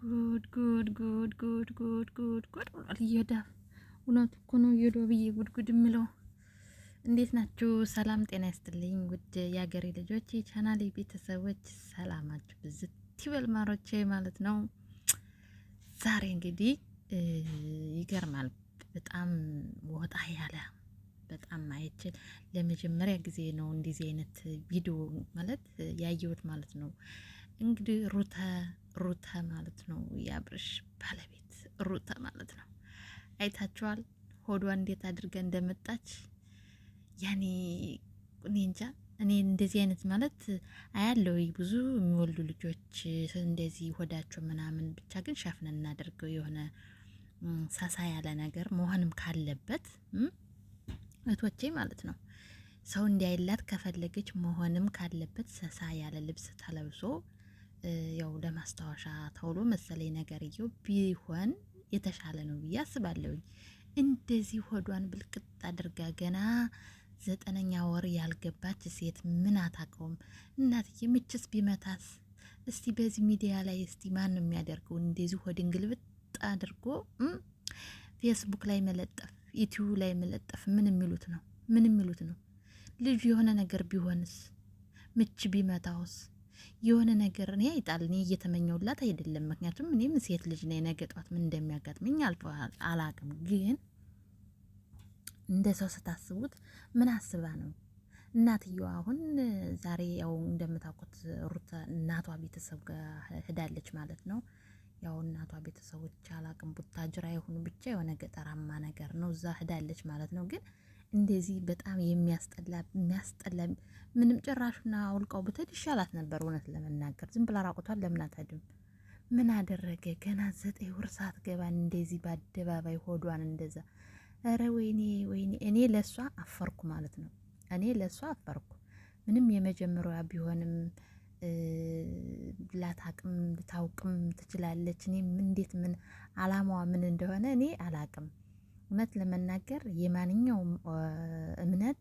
ጉድ ጉድ ጉድ ጉድ ጉድ ጉድ ጉድ ብሏል እየዳብ። እውነቱ እኮ ነው እየዶብዬ ጉድ ጉድ የምለው። እንዴት ናችሁ? ሰላም ጤና ይስጥልኝ ውድ የአገሬ ልጆች፣ የቻናሌ ቤተሰቦች ሰላማችሁ ብዝት ይበል ማሮቼ ማለት ነው። ዛሬ እንግዲህ ይገርማል በጣም ወጣ ያለ በጣም አይችል ለመጀመሪያ ጊዜ ነው እንደዚህ አይነት ቪዲዮ ማለት ያየሁት ማለት ነው። እንግዲህ ሩተ ሩተ ማለት ነው የአብርሽ ባለቤት ሩተ ማለት ነው። አይታችኋል ሆዷ እንዴት አድርጋ እንደመጣች ያኔ እኔ እንጃ እኔ እንደዚህ አይነት ማለት አያለው ብዙ የሚወልዱ ልጆች እንደዚህ ሆዳቸው ምናምን ብቻ ግን ሸፍን እናደርገው የሆነ ሳሳ ያለ ነገር መሆንም ካለበት እህቶቼ ማለት ነው ሰው እንዲያይላት ከፈለገች መሆንም ካለበት ሰሳ ያለ ልብስ ተለብሶ ያው ለማስታወሻ ተውሎ መሰለኝ ነገርየው ቢሆን የተሻለ ነው ብዬ አስባለሁኝ። እንደዚህ ሆዷን ብልቅጥ አድርጋ ገና ዘጠነኛ ወር ያልገባች ሴት ምን አታውቀውም። እናትዬ ምችስ ቢመታስ? እስቲ በዚህ ሚዲያ ላይ እስቲ ማን ነው የሚያደርገው? እንደዚህ ሆድን ግልብጥ አድርጎ ፌስቡክ ላይ መለጠፍ፣ ዩቲዩብ ላይ መለጠፍ ምን የሚሉት ነው? ምን የሚሉት ነው? ልጁ የሆነ ነገር ቢሆንስ? ምች ቢመታውስ? የሆነ ነገር እኔ አይጣል እኔ እየተመኘውላት አይደለም። ምክንያቱም እኔም ሴት ልጅ ነኝ፣ ነገ ጧት ምን እንደሚያጋጥመኝ አላቅም። ግን እንደ ሰው ስታስቡት ምን አስባ ነው እናትየዋ አሁን ዛሬ ያው እንደምታውቁት ሩታ እናቷ ቤተሰብ ጋር ሄዳለች ማለት ነው። ያው እናቷ ቤተሰቦች አላቅም ቡታጅራ የሆኑ ብቻ የሆነ ገጠራማ ነገር ነው እዛ ሄዳለች ማለት ነው ግን እንደዚህ በጣም የሚያስጠላ የሚያስጠላ ምንም ጭራሹና አውልቀው ብትሄድ ይሻላት ነበር። እውነት ለመናገር ዝም ብላ ራቁቷን ለምን አታድም? ምን አደረገ? ገና ዘጠኝ ወር ሳትገባን እንደዚህ በአደባባይ ሆዷን እንደዛ። ኧረ ወይኔ ወይኔ! እኔ ለእሷ አፈርኩ ማለት ነው። እኔ ለእሷ አፈርኩ። ምንም የመጀመሪያ ቢሆንም ላታቅም ልታውቅም ትችላለች። እኔ እንዴት ምን አላማዋ ምን እንደሆነ እኔ አላቅም። እውነት ለመናገር የማንኛውም እምነት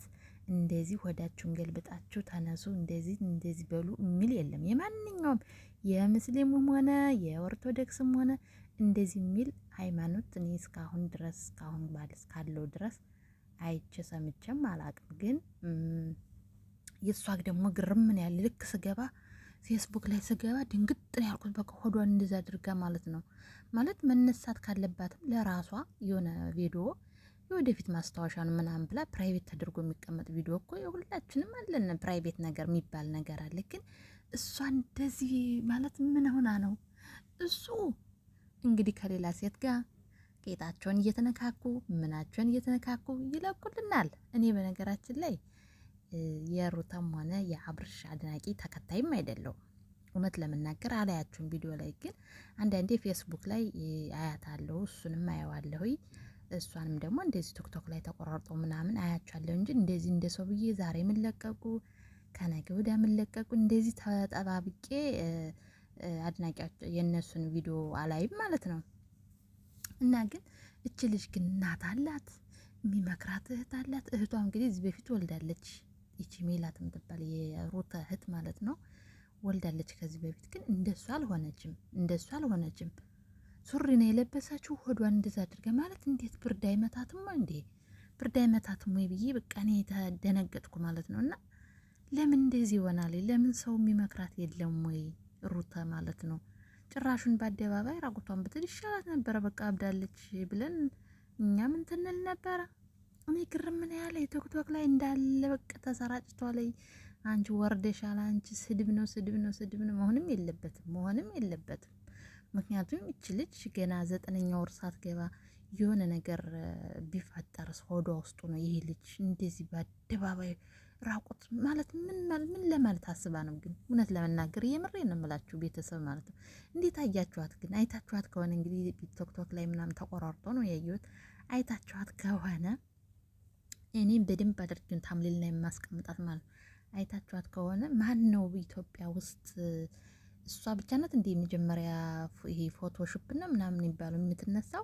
እንደዚህ ወዳችሁን ገልብጣችሁ ተነሱ፣ እንደዚህ እንደዚህ በሉ የሚል የለም። የማንኛውም የምስሊሙም ሆነ የኦርቶዶክስም ሆነ እንደዚህ የሚል ሃይማኖት እኔ እስካሁን ድረስ እስካሁን ባል እስካለው ድረስ አይቼ ሰምቼም አላቅም። ግን የእሷ ደግሞ ግርም ምን ያለ ልክ ስገባ ፌስቡክ ላይ ስገባ ድንግጥ ነው ያልኩት። በቃ ሆዷን እንደዛ አድርጋ ማለት ነው ማለት መነሳት ካለባትም ለራሷ የሆነ ቪዲዮ የወደፊት ማስታወሻ ነው ምናምን ብላ ፕራይቬት ተደርጎ የሚቀመጥ ቪዲዮ እኮ የሁላችንም አለን። ፕራይቬት ነገር የሚባል ነገር አለ። ግን እሷ እንደዚህ ማለት ምን ሆና ነው? እሱ እንግዲህ ከሌላ ሴት ጋር ጌጣቸውን እየተነካኩ ምናቸውን እየተነካኩ ይለቁልናል። እኔ በነገራችን ላይ የሩታም ሆነ የአብርሽ አድናቂ ተከታይም አይደለው እውነት ለመናገር አላያችሁም። ቪዲዮ ላይ ግን አንዳንዴ ፌስቡክ ላይ አያታለሁ፣ እሱንም አየዋለሁ። እሷንም ደግሞ እንደዚህ ቲክቶክ ላይ ተቆራርጦ ምናምን አያቸዋለሁ እንጂ እንደዚህ እንደ ሰው ብዬ ዛሬ የምለቀቁ ከነገ ወዲያ የምለቀቁ እንደዚህ ተጠባብቄ አድናቂያቸው የእነሱን ቪዲዮ አላይም ማለት ነው። እና ግን እች ልጅ ግን እናት አላት፣ የሚመክራት እህት አላት። እህቷ እንግዲህ እዚህ በፊት ወልዳለች። ይቺ ሜላት የምትባል የሩታ እህት ማለት ነው ወልዳለች ከዚህ በፊት ግን እንደሱ አልሆነችም። እንደሱ አልሆነችም። ሱሪ ነው የለበሰችው። ሆዷን እንደዛ አድርገ ማለት እንዴት ብርድ አይመታትም እንዴ? ብርድ አይመታትም ወይ ብዬ በቃ እኔ የተደነገጥኩ ማለት ነው። እና ለምን እንደዚህ ይሆናል? ለምን ሰው የሚመክራት የለም ወይ ሩታ ማለት ነው? ጭራሹን በአደባባይ ራቁቷን ብትል ይሻላት ነበረ። በቃ አብዳለች ብለን እኛም ምንትንል ነበረ። እኔ ግርም ነው ያለ ቲክቶክ ላይ እንዳለ በቃ ተሰራጭቷል። አንቺ ወርደሻል፣ አንቺ ስድብ ነው ስድብ ነው ስድብ ነው። መሆንም የለበትም መሆንም የለበትም። ምክንያቱም እች ልጅ ገና ዘጠነኛ ወር ሳትገባ የሆነ ነገር ቢፈጠር ሆዷ ውስጡ ነው። ይሄ ልጅ እንደዚህ በአደባባይ ራቁት ማለት ምን ምን ለማለት አስባ ነው? ግን እውነት ለመናገር የምሬ ነው የምላችሁ ቤተሰብ ማለት ነው። እንዴት አያችኋት? ግን አይታችኋት ከሆነ እንግዲህ ቲክቶክ ላይ ምናምን ተቆራርጦ ነው ያየሁት። አይታችኋት ከሆነ እኔም በደንብ አድርጌን ታምሌል ላይ የማስቀምጣት ማለት ነው። አይታችኋት ከሆነ ማን ነው ኢትዮጵያ ውስጥ እሷ ብቻ ናት እንደ የመጀመሪያ ይሄ ፎቶሾፕ ነው ምናምን የሚባለው የምትነሳው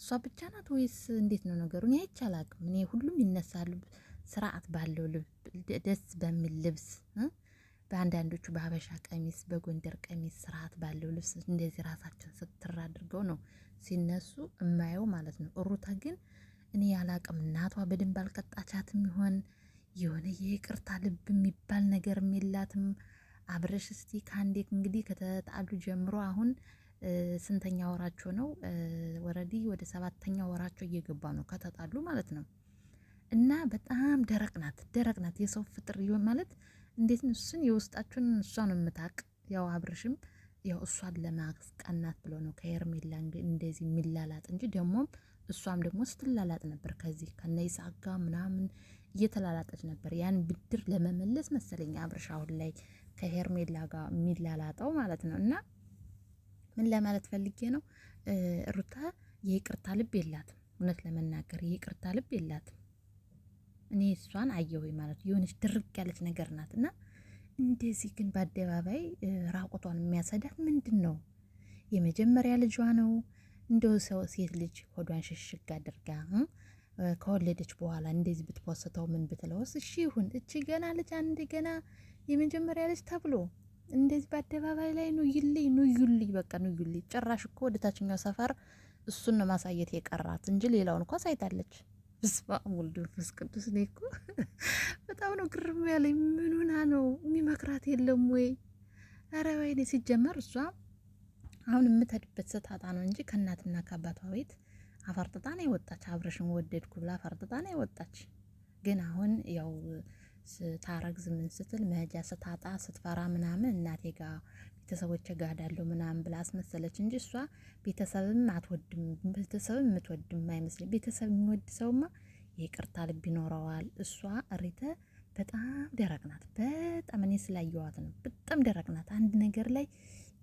እሷ ብቻ ናት ወይስ እንዴት ነው ነገሩ? እኔ አይቼ እኔ ሁሉም ይነሳሉ ስርዓት ባለው ደስ በሚል ልብስ በአንዳንዶቹ በሀበሻ ቀሚስ፣ በጎንደር ቀሚስ ስርዓት ባለው ልብስ እንደዚህ ራሳቸውን ስትር አድርገው ነው ሲነሱ እማየው ማለት ነው። እሩታ ግን እኔ ያላቅም እናቷ በደንብ አልቀጣቻትም ይሆን? የሆነ የይቅርታ ልብ የሚባል ነገር የላትም። አብረሽ እስቲ ከአንዴ እንግዲህ ከተጣሉ ጀምሮ አሁን ስንተኛ ወራቸው ነው? ወረዲ ወደ ሰባተኛ ወራቸው እየገባ ነው ከተጣሉ ማለት ነው። እና በጣም ደረቅ ናት፣ ደረቅ ናት። የሰው ፍጥር ይሆን ማለት እንዴት እሱን የውስጣችሁን እሷ ነው የምታውቅ። ያው አብረሽም ያው እሷን ለማስቀናት ብሎ ነው ከሄርሜላ እንደዚህ የሚላላጥ እንጂ ደግሞ እሷም ደግሞ ስትላላጥ ነበር። ከዚህ ከነይስሐቅ ጋ ምናምን እየተላላጠች ነበር። ያን ብድር ለመመለስ መሰለኝ አብርሽ አሁን ላይ ከሄርሜላ ጋር የሚላላጠው ማለት ነው። እና ምን ለማለት ፈልጌ ነው ሩታ የይቅርታ ልብ የላትም። እውነት ለመናገር የይቅርታ ልብ የላትም። እኔ እሷን አየሁኝ ማለት የሆነች ድርቅ ያለች ነገር ናት እና እንደዚህ ግን በአደባባይ ራቁቷን የሚያሰዳት ምንድን ነው? የመጀመሪያ ልጇ ነው። እንደው ሰው ሴት ልጅ ሆዷን ሽሽግ አድርጋ ከወለደች በኋላ እንደዚህ ብትፖስተው ምን ብትለውስ? እሺ ይሁን። እቺ ገና ልጅ አንድ ገና የመጀመሪያ ልጅ ተብሎ እንደዚህ በአደባባይ ላይ ኑይልኝ ኑዩልኝ፣ በቃ ኑዩልኝ። ጭራሽ እኮ ወደ ታችኛው ሰፈር እሱን ማሳየት የቀራት እንጂ ሌላውን እኳ ሳይታለች። በስመ አብ ወወልድ ወመንፈስ ቅዱስ። እኔ እኮ በጣም ነው ግርም ያለኝ። ምን ሆና ነው የሚመክራት የለም ወይ? ኧረ ወይኔ! ሲጀመር እሷ አሁን የምትሄድበት ስታጣ ነው እንጂ ከእናትና ከአባቷ ቤት አፈርጥጣ ነው የወጣች። አብረሽን ወደድኩ ብላ አፈርጥጣ ነው የወጣች። ግን አሁን ያው ስታረግዝ ምን ስትል መሄጃ ስታጣ ስትፈራ ምናምን እናቴ ጋ ቤተሰቦች ጋዳለሁ ምናምን ብላ አስመሰለች እንጂ እሷ ቤተሰብም አትወድም፣ ቤተሰብም የምትወድም አይመስልም። ቤተሰብ የሚወድ ሰውማ ይቅርታ ልብ ይኖረዋል። እሷ ሪተ በጣም ደረቅ ናት። በጣም እኔ ስላየዋት ነው። በጣም ደረቅ ናት። አንድ ነገር ላይ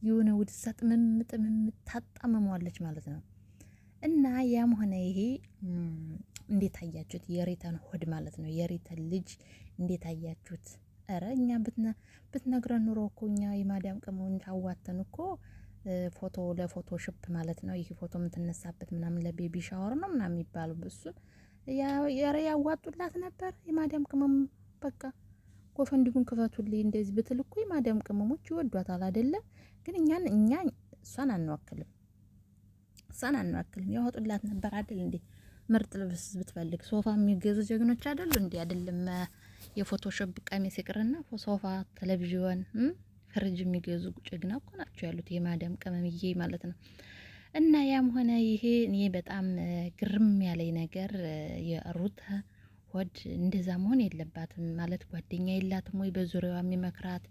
የሆነ ውድሳ ጥምም ጥምም ታጣመመዋለች ማለት ነው። እና ያም ሆነ ይሄ እንዴት አያችሁት? የሪተን ሆድ ማለት ነው። የሪተን ልጅ እንዴት አያችሁት? ኧረ እኛ ብትነግረን ኑሮ እኮ እኛ የማዳም ቅመን ታዋተን እኮ ፎቶ ለፎቶሽፕ ማለት ነው። ይህ ፎቶ የምትነሳበት ምናምን ለቤቢ ሻወር ነው ምናምን የሚባለው እሱ ኧረ ያዋጡላት ነበር። የማዳም ቅመም በቃ ጎፈንዲጉን ክፈቱልኝ እንደዚህ ብትል እኮ የማዳም ቅመሞች ይወዷታል አይደለም። ግን እኛን እኛ እሷን አንወክልም፣ እሷን አንወክልም። ያወጡላት ነበር አይደል እንዴ? ምርጥ ልብስ ብትፈልግ ሶፋ የሚገዙ ጀግኖች አይደሉ እንዴ? አይደለም የፎቶሾፕ ቀሚስ ይቅርና ሶፋ፣ ቴሌቪዥን፣ ፍሪጅ የሚገዙ ጭግና እኮ ናቸው ያሉት የማዳም ቅመምዬ ማለት ነው። እና ያም ሆነ ይሄ እኔ በጣም ግርም ያለኝ ነገር የሩታ ወድ እንደዛ መሆን የለባትም ማለት ጓደኛ የላትም ወይ በዙሪያዋ የሚመክራት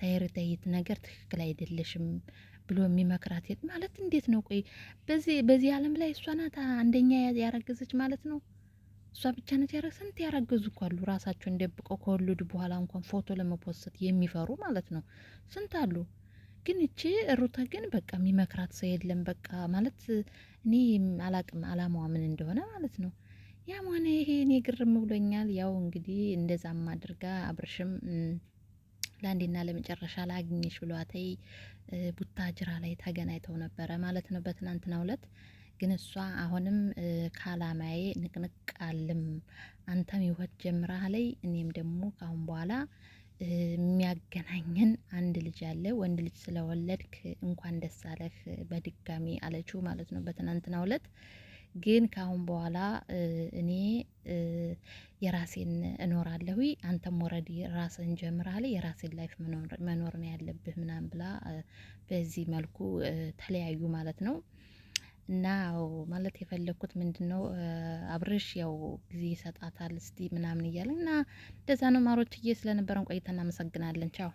ታይርታይት ነገር ትክክል አይደለሽም ብሎ የሚመክራት ማለት እንዴት ነው? ቆይ በዚህ በዚህ ዓለም ላይ እሷ ናት አንደኛ ያረገዘች ማለት ነው። እሷ ብቻ ነች ስንት ያረገዙ እኮ አሉ ራሳቸውን ደብቀው ከወለዱ በኋላ እንኳን ፎቶ ለመፖስት የሚፈሩ ማለት ነው። ስንት አሉ። ግን እቺ ሩታ ግን በቃ የሚመክራት ሰው የለም። በቃ ማለት እኔ አላቅም አላማዋ ምን እንደሆነ ማለት ነው። ያም ሆነ ይሄ እኔ ግርም ብሎኛል። ያው እንግዲህ እንደዛም አድርጋ አብርሽም ለአንዴና ለመጨረሻ ላግኝሽ ብሏተይ ቡታ ጅራ ላይ ተገናኝተው ነበረ ማለት ነው በትናንትናው ዕለት ግን እሷ አሁንም ከአላማዬ ንቅንቅ አልም። አንተም ህይወት ጀምረህ ላይ እኔም ደግሞ ካሁን በኋላ የሚያገናኘን አንድ ልጅ አለ። ወንድ ልጅ ስለወለድክ እንኳን ደስ አለህ በድጋሚ አለችው ማለት ነው በትናንትናው ዕለት። ግን ካሁን በኋላ እኔ የራሴን እኖራለሁ፣ አንተም ወረድ ራስን ጀምረሃል፣ የራሴን ላይፍ መኖር ነው ያለብህ ምናምን ብላ በዚህ መልኩ ተለያዩ ማለት ነው። እና ማለት የፈለግኩት ምንድን ነው አብርሽ ያው ጊዜ ይሰጣታል እስቲ ምናምን እያለ እና እንደዛ ነው። ማሮችዬ ስለነበረን ቆይታ እናመሰግናለን። ቻው